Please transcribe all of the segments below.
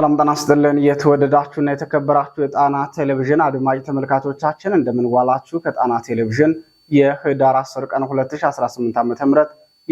ሰላም ጤና ይስጥልን። የተወደዳችሁና የተከበራችሁ የጣና ቴሌቪዥን አድማጭ ተመልካቾቻችን እንደምንዋላችሁ። ከጣና ቴሌቪዥን የህዳር 10 ቀን 2018 ዓ.ም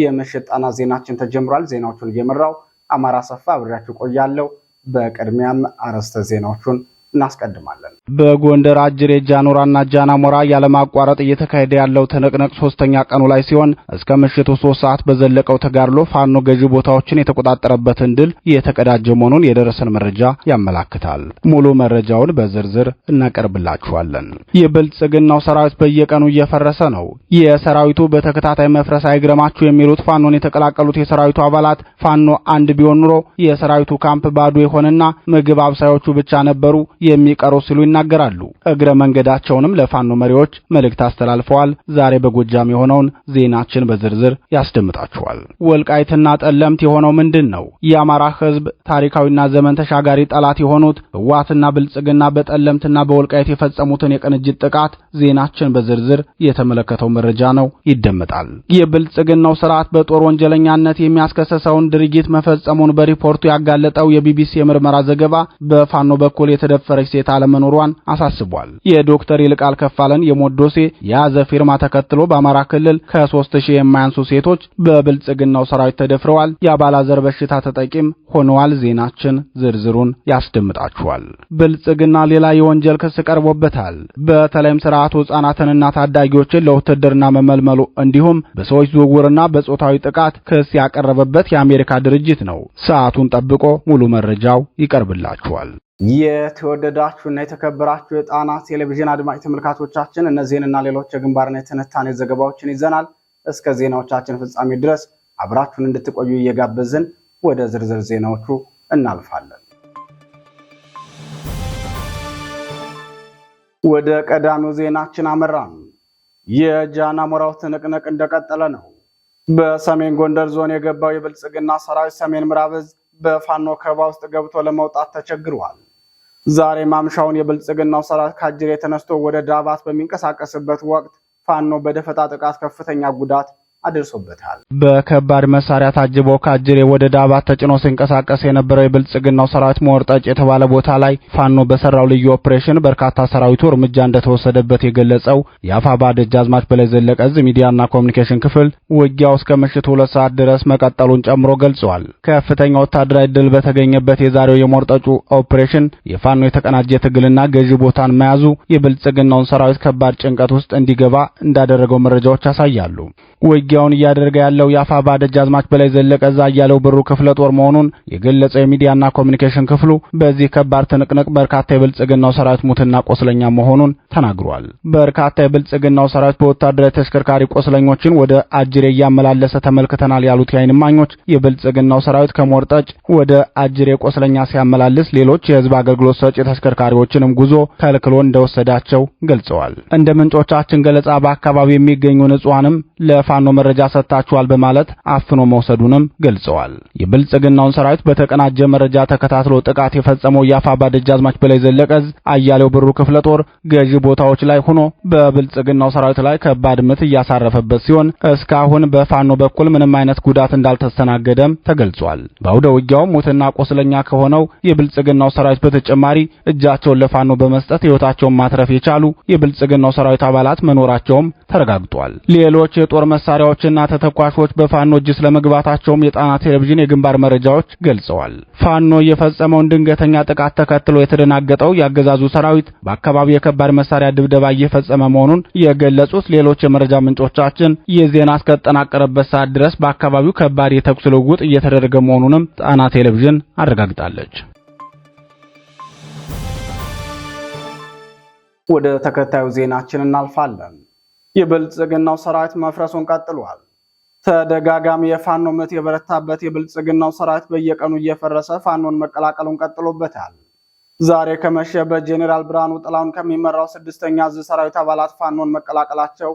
የምሽት ጣና ዜናችን ተጀምሯል። ዜናዎቹን እየመራው አማራ ሰፋ አብሬያችሁ ቆያለሁ። በቅድሚያም አርዕስተ ዜናዎቹን እናስቀድማለን። በጎንደር አጅሬ ጃኖራና ጃናሞራ ያለማቋረጥ እየተካሄደ ያለው ትንቅንቅ ሶስተኛ ቀኑ ላይ ሲሆን እስከ ምሽቱ ሶስት ሰዓት በዘለቀው ተጋድሎ ፋኖ ገዢ ቦታዎችን የተቆጣጠረበትን ድል የተቀዳጀ መሆኑን የደረሰን መረጃ ያመላክታል። ሙሉ መረጃውን በዝርዝር እናቀርብላችኋለን። የብልጽግናው ሰራዊት በየቀኑ እየፈረሰ ነው። የሰራዊቱ በተከታታይ መፍረስ አይግረማችሁ የሚሉት ፋኖን የተቀላቀሉት የሰራዊቱ አባላት ፋኖ አንድ ቢሆን ኑሮ የሰራዊቱ ካምፕ ባዶ የሆነና ምግብ አብሳዮቹ ብቻ ነበሩ የሚቀሩ ሲሉ ይናገራሉ። እግረ መንገዳቸውንም ለፋኖ መሪዎች መልእክት አስተላልፈዋል። ዛሬ በጎጃም የሆነውን ዜናችን በዝርዝር ያስደምጣችኋል። ወልቃይትና ጠለምት የሆነው ምንድን ነው? የአማራ ህዝብ ታሪካዊና ዘመን ተሻጋሪ ጠላት የሆኑት ህወሓትና ብልጽግና በጠለምትና በወልቃይት የፈጸሙትን የቅንጅት ጥቃት ዜናችን በዝርዝር የተመለከተው መረጃ ነው፣ ይደመጣል። የብልጽግናው ስርዓት በጦር ወንጀለኛነት የሚያስከሰሰውን ድርጊት መፈጸሙን በሪፖርቱ ያጋለጠው የቢቢሲ የምርመራ ዘገባ በፋኖ በኩል የተደፈ የተደፈረች ሴት አለመኖሯን አሳስቧል። የዶክተር ይልቃል ከፋለን የሞት ዶሴ የያዘ ፊርማ ተከትሎ በአማራ ክልል ከ3000 የማያንሱ ሴቶች በብልጽግናው ሰራዊት ተደፍረዋል፣ የአባላዘር በሽታ ተጠቂም ሆነዋል። ዜናችን ዝርዝሩን ያስደምጣችኋል። ብልጽግና ሌላ የወንጀል ክስ ቀርቦበታል። በተለይም ስርዓቱ ሕጻናትንና ታዳጊዎችን ለውትድርና መመልመሉ እንዲሁም በሰዎች ዝውውርና በጾታዊ ጥቃት ክስ ያቀረበበት የአሜሪካ ድርጅት ነው። ሰዓቱን ጠብቆ ሙሉ መረጃው ይቀርብላችኋል። የተወደዳችሁ እና የተከበራችሁ የጣና ቴሌቪዥን አድማጭ ተመልካቾቻችን እነዚህንና ሌሎች የግንባርና የትንታኔ ዘገባዎችን ይዘናል። እስከ ዜናዎቻችን ፍጻሜ ድረስ አብራችሁን እንድትቆዩ እየጋበዝን ወደ ዝርዝር ዜናዎቹ እናልፋለን። ወደ ቀዳሚው ዜናችን አመራን። የጃና ሞራው ትንቅንቅ እንደቀጠለ ነው። በሰሜን ጎንደር ዞን የገባው የብልጽግና ሰራዊት ሰሜን ምዕራብ ዕዝ በፋኖ ከበባ ውስጥ ገብቶ ለመውጣት ተቸግሯል። ዛሬ ማምሻውን የብልጽግናው ሰራዊት ከአጅሬ ተነስቶ ወደ ዳባት በሚንቀሳቀስበት ወቅት ፋኖ በደፈጣ ጥቃት ከፍተኛ ጉዳት አድርሶበታል። በከባድ መሳሪያ ታጅቦ ከአጅሬ ወደ ዳባት ተጭኖ ሲንቀሳቀስ የነበረው የብልጽግናው ሰራዊት መወርጠጭ የተባለ ቦታ ላይ ፋኖ በሰራው ልዩ ኦፕሬሽን በርካታ ሰራዊቱ እርምጃ እንደተወሰደበት የገለጸው የአፋባ አዝማች በላይ ዘለቀ ዝ ሚዲያና ኮሚኒኬሽን ክፍል ውጊያው እስከ ምሽቱ ሁለት ሰዓት ድረስ መቀጠሉን ጨምሮ ገልጿል። ከፍተኛ ወታደራዊ ድል በተገኘበት የዛሬው የመወርጠጩ ኦፕሬሽን የፋኖ የተቀናጀ ትግልና ገዢ ቦታን መያዙ የብልጽግናውን ሰራዊት ከባድ ጭንቀት ውስጥ እንዲገባ እንዳደረገው መረጃዎች ያሳያሉ። ውጊያውን እያደረገ ያለው የአፋ ባደጅ አዝማች በላይ ዘለቀ እያለው ብሩ ክፍለ ጦር መሆኑን የገለጸው የሚዲያና ኮሚኒኬሽን ክፍሉ በዚህ ከባድ ትንቅንቅ በርካታ የብልጽግናው ሰራዊት ሙትና ቆስለኛ መሆኑን ተናግሯል። በርካታ የብልጽግናው ሰራዊት በወታደራዊ ተሽከርካሪ ቆስለኞችን ወደ አጅሬ እያመላለሰ ተመልክተናል ያሉት የዓይን እማኞች የብልጽግናው ሰራዊት ከሞርጠጭ ወደ አጅሬ ቆስለኛ ሲያመላልስ ሌሎች የህዝብ አገልግሎት ሰጪ ተሽከርካሪዎችንም ጉዞ ከልክሎ እንደወሰዳቸው ገልጸዋል። እንደ ምንጮቻችን ገለጻ በአካባቢው የሚገኙ ንጹሐንም ለፋኖ መረጃ ሰጥታችኋል በማለት አፍኖ መውሰዱንም ገልጸዋል። የብልጽግናውን ሰራዊት በተቀናጀ መረጃ ተከታትሎ ጥቃት የፈጸመው የአፋባ ደጃዝማች በላይ ዘለቀዝ አያሌው ብሩ ክፍለ ጦር ገዢ ቦታዎች ላይ ሆኖ በብልጽግናው ሰራዊት ላይ ከባድ ምት እያሳረፈበት ሲሆን እስካሁን በፋኖ በኩል ምንም አይነት ጉዳት እንዳልተስተናገደም ተገልጿል። በአውደ ውጊያው ሞትና ቆስለኛ ከሆነው የብልጽግናው ሰራዊት በተጨማሪ እጃቸውን ለፋኖ በመስጠት ሕይወታቸውን ማትረፍ የቻሉ የብልጽግናው ሰራዊት አባላት መኖራቸውም ተረጋግጧል። ሌሎች የጦር መሳሪያ ሚሊሻዎችና ተተኳሾች በፋኖ እጅ ስለመግባታቸውም የጣና ቴሌቪዥን የግንባር መረጃዎች ገልጸዋል። ፋኖ የፈጸመውን ድንገተኛ ጥቃት ተከትሎ የተደናገጠው የአገዛዙ ሰራዊት በአካባቢው የከባድ መሳሪያ ድብደባ እየፈጸመ መሆኑን የገለጹት ሌሎች የመረጃ ምንጮቻችን የዜና እስከተጠናቀረበት ሰዓት ድረስ በአካባቢው ከባድ የተኩስ ልውውጥ እየተደረገ መሆኑንም ጣና ቴሌቪዥን አረጋግጣለች። ወደ ተከታዩ ዜናችን እናልፋለን። የብልጽግናው ሰራዊት መፍረሱን ቀጥሏል። ተደጋጋሚ የፋኖ ምት የበረታበት የብልጽግናው ሰራዊት በየቀኑ እየፈረሰ ፋኖን መቀላቀሉን ቀጥሎበታል። ዛሬ ከመሸ በጄኔራል ብርሃኑ ጥላውን ከሚመራው ስድስተኛ እዝ ሰራዊት አባላት ፋኖን መቀላቀላቸው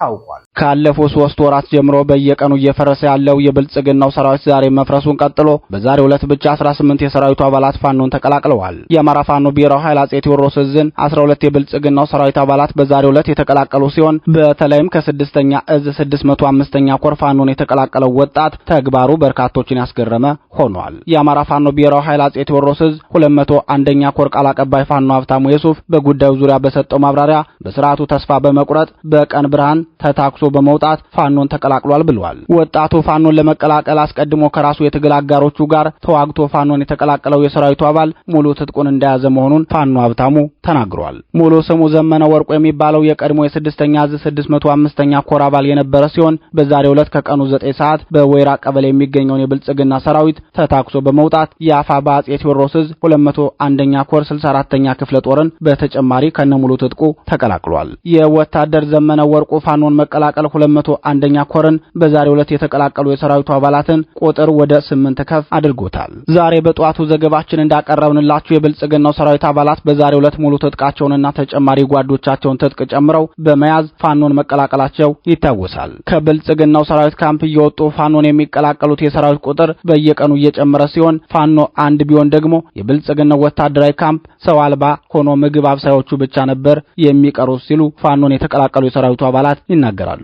ታውቋል። ካለፉት ሶስት ወራት ጀምሮ በየቀኑ እየፈረሰ ያለው የብልጽግናው ሰራዊት ዛሬ መፍረሱን ቀጥሎ በዛሬው ዕለት ብቻ 18 የሰራዊቱ አባላት ፋኖን ተቀላቅለዋል። የአማራ ፋኖ ብሔራዊ ኃይል አጼ ቴዎድሮስ እዝን 12 የብልጽግናው ሰራዊት አባላት በዛሬው ዕለት የተቀላቀሉ ሲሆን በተለይም ከስድስተኛ እዝ 605ኛ ኮር ፋኖን የተቀላቀለው ወጣት ተግባሩ በርካቶችን ያስገረመ ሆኗል። የአማራ ፋኖ ብሔራዊ ኃይል አጼ ቴዎድሮስ እዝ 201ኛ ኮር ቃል አቀባይ ፋኖ ሀብታሙ የሱፍ በጉዳዩ ዙሪያ በሰጠው ማብራሪያ በስርዓቱ ተስፋ በመቁረጥ በቀን ብርሃን ተታክሶ በመውጣት ፋኖን ተቀላቅሏል ብሏል። ወጣቱ ፋኖን ለመቀላቀል አስቀድሞ ከራሱ የትግል አጋሮቹ ጋር ተዋግቶ ፋኖን የተቀላቀለው የሰራዊቱ አባል ሙሉ ትጥቁን እንደያዘ መሆኑን ፋኖ ሀብታሙ ተናግሯል። ሙሉ ስሙ ዘመነ ወርቁ የሚባለው የቀድሞ የስድስተኛ እዝ ስድስት መቶ አምስተኛ ኮር አባል የነበረ ሲሆን በዛሬው ዕለት ከቀኑ ዘጠኝ ሰዓት በወይራ ቀበሌ የሚገኘውን የብልጽግና ሰራዊት ተታክሶ በመውጣት የአፋ በአጼ ቴዎድሮስ እዝ ሁለት መቶ አንደኛ ኮር ስልሳ አራተኛ ክፍለ ጦርን በተጨማሪ ከነሙሉ ትጥቁ ተቀላቅሏል። የወታደር ዘመነ ወርቁ ፋኖን መቀላቀል በመቀላቀል 201ኛ ኮርን በዛሬው ዕለት የተቀላቀሉ የሰራዊቱ አባላትን ቁጥር ወደ ስምንት ከፍ አድርጎታል። ዛሬ በጠዋቱ ዘገባችን እንዳቀረብንላችሁ የብልጽግናው ሰራዊት አባላት በዛሬው ዕለት ሙሉ ትጥቃቸውንና ተጨማሪ ጓዶቻቸውን ትጥቅ ጨምረው በመያዝ ፋኖን መቀላቀላቸው ይታወሳል። ከብልጽግናው ሰራዊት ካምፕ እየወጡ ፋኖን የሚቀላቀሉት የሰራዊት ቁጥር በየቀኑ እየጨመረ ሲሆን ፋኖ አንድ ቢሆን ደግሞ የብልጽግናው ወታደራዊ ካምፕ ሰው አልባ ሆኖ ምግብ አብሳዮቹ ብቻ ነበር የሚቀሩት ሲሉ ፋኖን የተቀላቀሉ የሰራዊቱ አባላት ይናገራሉ።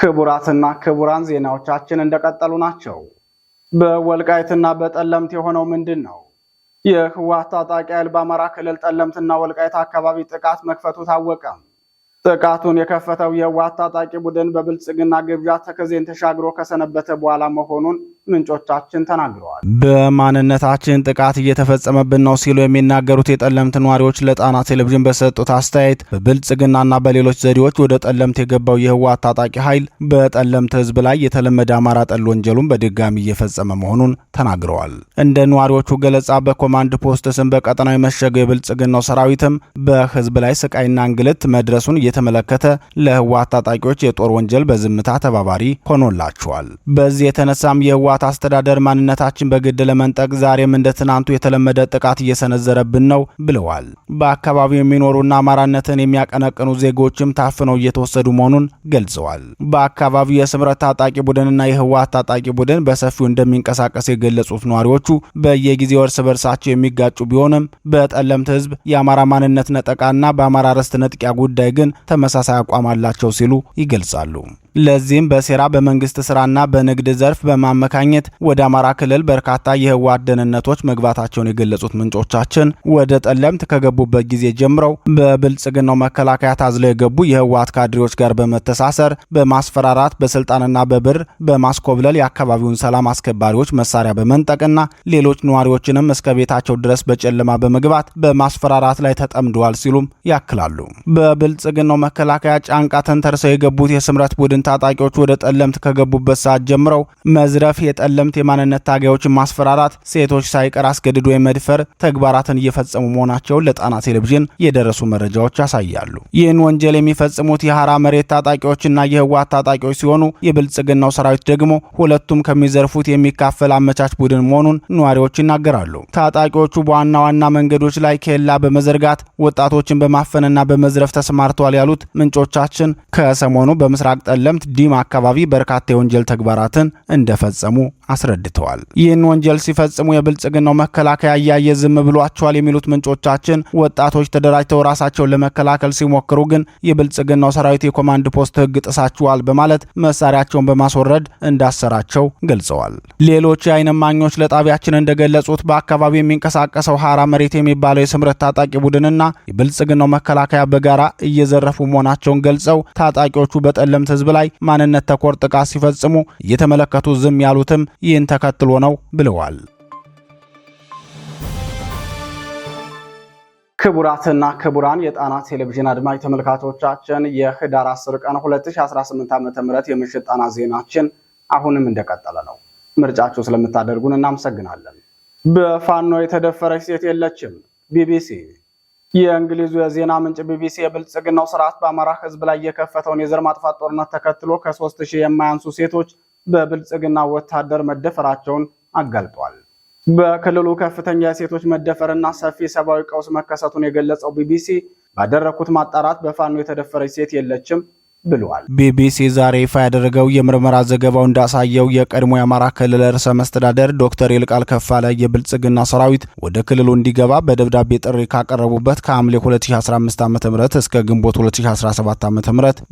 ክቡራትና ክቡራን ዜናዎቻችን እንደቀጠሉ ናቸው። በወልቃይትና በጠለምት የሆነው ምንድን ነው? የህወሓት ታጣቂ ኃይል በአማራ ክልል ጠለምትና ወልቃይት አካባቢ ጥቃት መክፈቱ ታወቀም። ጥቃቱን የከፈተው የህወሓት ታጣቂ ቡድን በብልጽግና ግብዣ ተከዜን ተሻግሮ ከሰነበተ በኋላ መሆኑን ምንጮቻችን ተናግረዋል። በማንነታችን ጥቃት እየተፈጸመብን ነው ሲሉ የሚናገሩት የጠለምት ነዋሪዎች ለጣና ቴሌቪዥን በሰጡት አስተያየት በብልጽግናና በሌሎች ዘዴዎች ወደ ጠለምት የገባው የህወሓት ታጣቂ ኃይል በጠለምት ህዝብ ላይ የተለመደ አማራ ጠል ወንጀሉን በድጋሚ እየፈጸመ መሆኑን ተናግረዋል። እንደ ነዋሪዎቹ ገለጻ በኮማንድ ፖስት ስም በቀጠናው የመሸገው የብልጽግናው ሰራዊትም በህዝብ ላይ ስቃይና እንግልት መድረሱን እየተመለከተ ለህወሓት ታጣቂዎች የጦር ወንጀል በዝምታ ተባባሪ ሆኖላቸዋል። በዚህ የተነሳም የህወሓት የህወሓት አስተዳደር ማንነታችን በግድ ለመንጠቅ ዛሬም እንደ ትናንቱ የተለመደ ጥቃት እየሰነዘረብን ነው ብለዋል። በአካባቢው የሚኖሩና አማራነትን የሚያቀነቅኑ ዜጎችም ታፍነው እየተወሰዱ መሆኑን ገልጸዋል። በአካባቢው የስምረት ታጣቂ ቡድንና የህወሓት ታጣቂ ቡድን በሰፊው እንደሚንቀሳቀስ የገለጹት ነዋሪዎቹ በየጊዜው እርስ በርሳቸው የሚጋጩ ቢሆንም በጠለምት ህዝብ የአማራ ማንነት ነጠቃና በአማራ ርስት ነጥቂያ ጉዳይ ግን ተመሳሳይ አቋም አላቸው ሲሉ ይገልጻሉ። ለዚህም በሴራ በመንግስት ስራና በንግድ ዘርፍ በማመካኘት ወደ አማራ ክልል በርካታ የህወሓት ደህንነቶች መግባታቸውን የገለጹት ምንጮቻችን ወደ ጠለምት ከገቡበት ጊዜ ጀምረው በብልጽግናው መከላከያ ታዝለው የገቡ የህወሓት ካድሬዎች ጋር በመተሳሰር በማስፈራራት በስልጣንና በብር በማስኮብለል የአካባቢውን ሰላም አስከባሪዎች መሳሪያ በመንጠቅና ሌሎች ነዋሪዎችንም እስከ ቤታቸው ድረስ በጨለማ በመግባት በማስፈራራት ላይ ተጠምደዋል ሲሉም ያክላሉ። በብልጽግናው መከላከያ ጫንቃ ተንተርሰው የገቡት የስምረት ቡድን ታጣቂዎች ወደ ጠለምት ከገቡበት ሰዓት ጀምረው መዝረፍ፣ የጠለምት የማንነት ታጋዮችን ማስፈራራት፣ ሴቶች ሳይቀር አስገድዶ የመድፈር ተግባራትን እየፈጸሙ መሆናቸውን ለጣና ቴሌቪዥን የደረሱ መረጃዎች ያሳያሉ። ይህን ወንጀል የሚፈጽሙት የሐራ መሬት ታጣቂዎችና የህወሓት ታጣቂዎች ሲሆኑ የብልጽግናው ሰራዊት ደግሞ ሁለቱም ከሚዘርፉት የሚካፈል አመቻች ቡድን መሆኑን ነዋሪዎች ይናገራሉ። ታጣቂዎቹ በዋና ዋና መንገዶች ላይ ኬላ በመዘርጋት ወጣቶችን በማፈንና በመዝረፍ ተሰማርተዋል ያሉት ምንጮቻችን ከሰሞኑ በምስራቅ ጠለ ጠለምት ዲማ አካባቢ በርካታ የወንጀል ተግባራትን እንደፈጸሙ አስረድተዋል። ይህን ወንጀል ሲፈጽሙ የብልጽግናው መከላከያ እያየ ዝም ብሏቸዋል የሚሉት ምንጮቻችን ወጣቶች ተደራጅተው ራሳቸውን ለመከላከል ሲሞክሩ ግን የብልጽግናው ሰራዊት የኮማንድ ፖስት ህግ ጥሳችኋል በማለት መሳሪያቸውን በማስወረድ እንዳሰራቸው ገልጸዋል። ሌሎች የአይን እማኞች ለጣቢያችን እንደገለጹት በአካባቢው የሚንቀሳቀሰው ሀራ መሬት የሚባለው የስምረት ታጣቂ ቡድንና የብልጽግናው መከላከያ በጋራ እየዘረፉ መሆናቸውን ገልጸው ታጣቂዎቹ በጠለምት ህዝብ ላይ ማንነት ተኮር ጥቃት ሲፈጽሙ እየተመለከቱ ዝም ያሉትም ይህን ተከትሎ ነው ብለዋል። ክቡራትና ክቡራን የጣና ቴሌቪዥን አድማጭ ተመልካቾቻችን የህዳር 10 ቀን 2018 ም የምሽት ጣና ዜናችን አሁንም እንደቀጠለ ነው። ምርጫችሁ ስለምታደርጉን እናመሰግናለን። በፋኖ የተደፈረች ሴት የለችም። ቢቢሲ የእንግሊዙ የዜና ምንጭ ቢቢሲ የብልጽግናው ስርዓት በአማራ ህዝብ ላይ የከፈተውን የዘር ማጥፋት ጦርነት ተከትሎ ከሶስት ሺህ የማያንሱ ሴቶች በብልጽግና ወታደር መደፈራቸውን አጋልጧል። በክልሉ ከፍተኛ የሴቶች መደፈርና ሰፊ ሰብአዊ ቀውስ መከሰቱን የገለጸው ቢቢሲ ባደረግኩት ማጣራት በፋኖ የተደፈረች ሴት የለችም ብለዋል። ቢቢሲ ዛሬ ይፋ ያደረገው የምርመራ ዘገባው እንዳሳየው የቀድሞ የአማራ ክልል ርዕሰ መስተዳደር ዶክተር ይልቃል ከፋለ የብልጽግና ሰራዊት ወደ ክልሉ እንዲገባ በደብዳቤ ጥሪ ካቀረቡበት ከሐምሌ 2015 ዓ ም እስከ ግንቦት 2017 ዓ ም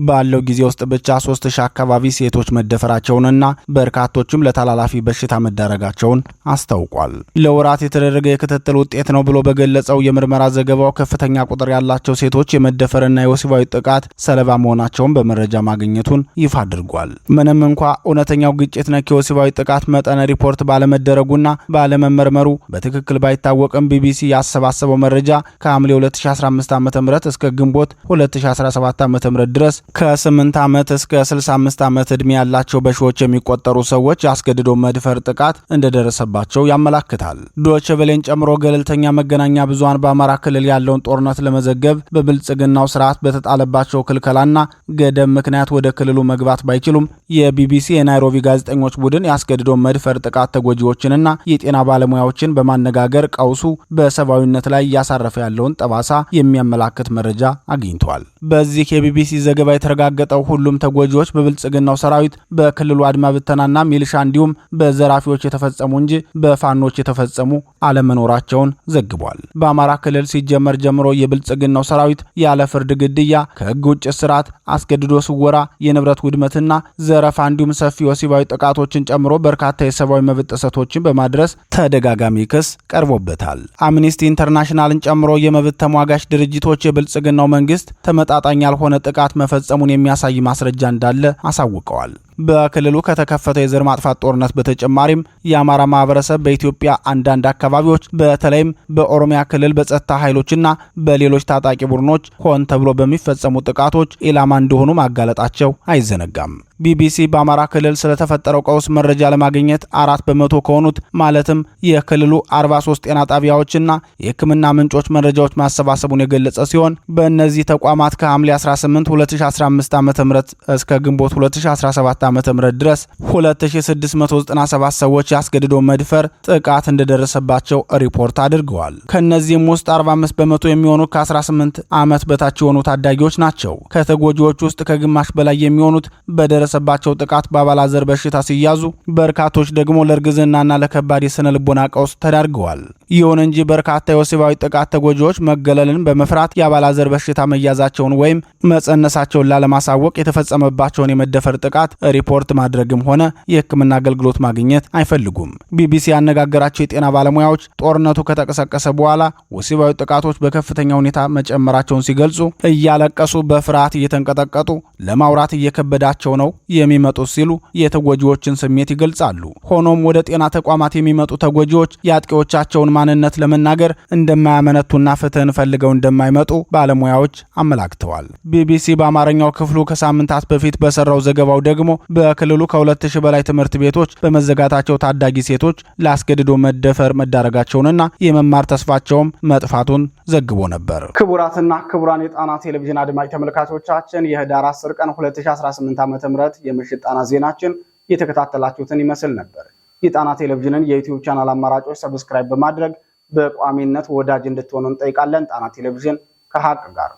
ባለው ጊዜ ውስጥ ብቻ 3000 አካባቢ ሴቶች መደፈራቸውንና በርካቶችም ለተላላፊ በሽታ መዳረጋቸውን አስታውቋል። ለወራት የተደረገ የክትትል ውጤት ነው ብሎ በገለጸው የምርመራ ዘገባው ከፍተኛ ቁጥር ያላቸው ሴቶች የመደፈርና የወሲባዊ ጥቃት ሰለባ መሆናቸውን በመረጃ ማግኘቱን ይፋ አድርጓል። ምንም እንኳ እውነተኛው ግጭት ነክ የወሲባዊ ጥቃት መጠነ ሪፖርት ባለመደረጉና ባለመመርመሩ በትክክል ባይታወቅም ቢቢሲ ያሰባሰበው መረጃ ከሐምሌ 2015 ዓ ም እስከ ግንቦት 2017 ዓ ም ድረስ ከ8 ዓመት እስከ 65 ዓመት ዕድሜ ያላቸው በሺዎች የሚቆጠሩ ሰዎች አስገድዶ መድፈር ጥቃት እንደደረሰባቸው ያመላክታል። ዶችቬሌን ጨምሮ ገለልተኛ መገናኛ ብዙሃን በአማራ ክልል ያለውን ጦርነት ለመዘገብ በብልጽግናው ስርዓት በተጣለባቸው ክልከላና ገ ደም ምክንያት ወደ ክልሉ መግባት ባይችሉም የቢቢሲ የናይሮቢ ጋዜጠኞች ቡድን የአስገድዶ መድፈር ጥቃት ተጎጂዎችንና የጤና ባለሙያዎችን በማነጋገር ቀውሱ በሰብአዊነት ላይ እያሳረፈ ያለውን ጠባሳ የሚያመላክት መረጃ አግኝቷል። በዚህ የቢቢሲ ዘገባ የተረጋገጠው ሁሉም ተጎጂዎች በብልጽግናው ሰራዊት በክልሉ አድማ ብተናና ሚሊሻ እንዲሁም በዘራፊዎች የተፈጸሙ እንጂ በፋኖች የተፈጸሙ አለመኖራቸውን ዘግቧል። በአማራ ክልል ሲጀመር ጀምሮ የብልጽግናው ሰራዊት ያለ ፍርድ ግድያ፣ ከህግ ውጭ ስርዓት፣ አስገ የአስገድዶ ስወራ፣ የንብረት ውድመትና ዘረፋ እንዲሁም ሰፊ ወሲባዊ ጥቃቶችን ጨምሮ በርካታ የሰብአዊ መብት ጥሰቶችን በማድረስ ተደጋጋሚ ክስ ቀርቦበታል። አምኒስቲ ኢንተርናሽናልን ጨምሮ የመብት ተሟጋች ድርጅቶች የብልጽግናው መንግስት ተመጣጣኝ ያልሆነ ጥቃት መፈጸሙን የሚያሳይ ማስረጃ እንዳለ አሳውቀዋል። በክልሉ ከተከፈተው የዘር ማጥፋት ጦርነት በተጨማሪም የአማራ ማህበረሰብ በኢትዮጵያ አንዳንድ አካባቢዎች በተለይም በኦሮሚያ ክልል በጸጥታ ኃይሎችና በሌሎች ታጣቂ ቡድኖች ሆን ተብሎ በሚፈጸሙ ጥቃቶች ኢላማ እንደሆኑ ማጋለጣቸው አይዘነጋም። ቢቢሲ በአማራ ክልል ስለተፈጠረው ቀውስ መረጃ ለማግኘት አራት በመቶ ከሆኑት ማለትም የክልሉ 43 ጤና ጣቢያዎችና የሕክምና ምንጮች መረጃዎች ማሰባሰቡን የገለጸ ሲሆን በእነዚህ ተቋማት ከሐምሌ 18 2015 ዓ ም እስከ ግንቦት 2017 2017 ዓ.ም ድረስ 2697 ሰዎች ያስገድዶ መድፈር ጥቃት እንደደረሰባቸው ሪፖርት አድርገዋል። ከእነዚህም ውስጥ 45 በመቶ የሚሆኑ ከ18 ዓመት በታች የሆኑ ታዳጊዎች ናቸው። ከተጎጂዎች ውስጥ ከግማሽ በላይ የሚሆኑት በደረሰባቸው ጥቃት በአባላዘር በሽታ ሲያዙ፣ በርካቶች ደግሞ ለእርግዝናና ለከባድ የስነ ልቦና ቀውስ ተዳርገዋል። ይሁን እንጂ በርካታ የወሲባዊ ጥቃት ተጎጂዎች መገለልን በመፍራት የአባላዘር በሽታ መያዛቸውን ወይም መጸነሳቸውን ላለማሳወቅ የተፈጸመባቸውን የመደፈር ጥቃት ሪፖርት ማድረግም ሆነ የህክምና አገልግሎት ማግኘት አይፈልጉም። ቢቢሲ ያነጋገራቸው የጤና ባለሙያዎች ጦርነቱ ከተቀሰቀሰ በኋላ ወሲባዊ ጥቃቶች በከፍተኛ ሁኔታ መጨመራቸውን ሲገልጹ እያለቀሱ በፍርሃት እየተንቀጠቀጡ ለማውራት እየከበዳቸው ነው የሚመጡት ሲሉ የተጎጂዎችን ስሜት ይገልጻሉ። ሆኖም ወደ ጤና ተቋማት የሚመጡ ተጎጂዎች የአጥቂዎቻቸውን ማንነት ለመናገር እንደማያመነቱና ፍትህን ፈልገው እንደማይመጡ ባለሙያዎች አመላክተዋል። ቢቢሲ በአማርኛው ክፍሉ ከሳምንታት በፊት በሰራው ዘገባው ደግሞ በክልሉ ከ2000 በላይ ትምህርት ቤቶች በመዘጋታቸው ታዳጊ ሴቶች ለአስገድዶ መደፈር መዳረጋቸውንና የመማር ተስፋቸውም መጥፋቱን ዘግቦ ነበር። ክቡራትና ክቡራን የጣና ቴሌቪዥን አድማጭ ተመልካቾቻችን የህዳር 10 ቀን 2018 ዓ ም የምሽት ጣና ዜናችን የተከታተላችሁትን ይመስል ነበር። የጣና ቴሌቪዥንን የዩትዩብ ቻናል አማራጮች ሰብስክራይብ በማድረግ በቋሚነት ወዳጅ እንድትሆኑ እንጠይቃለን። ጣና ቴሌቪዥን ከሀቅ ጋር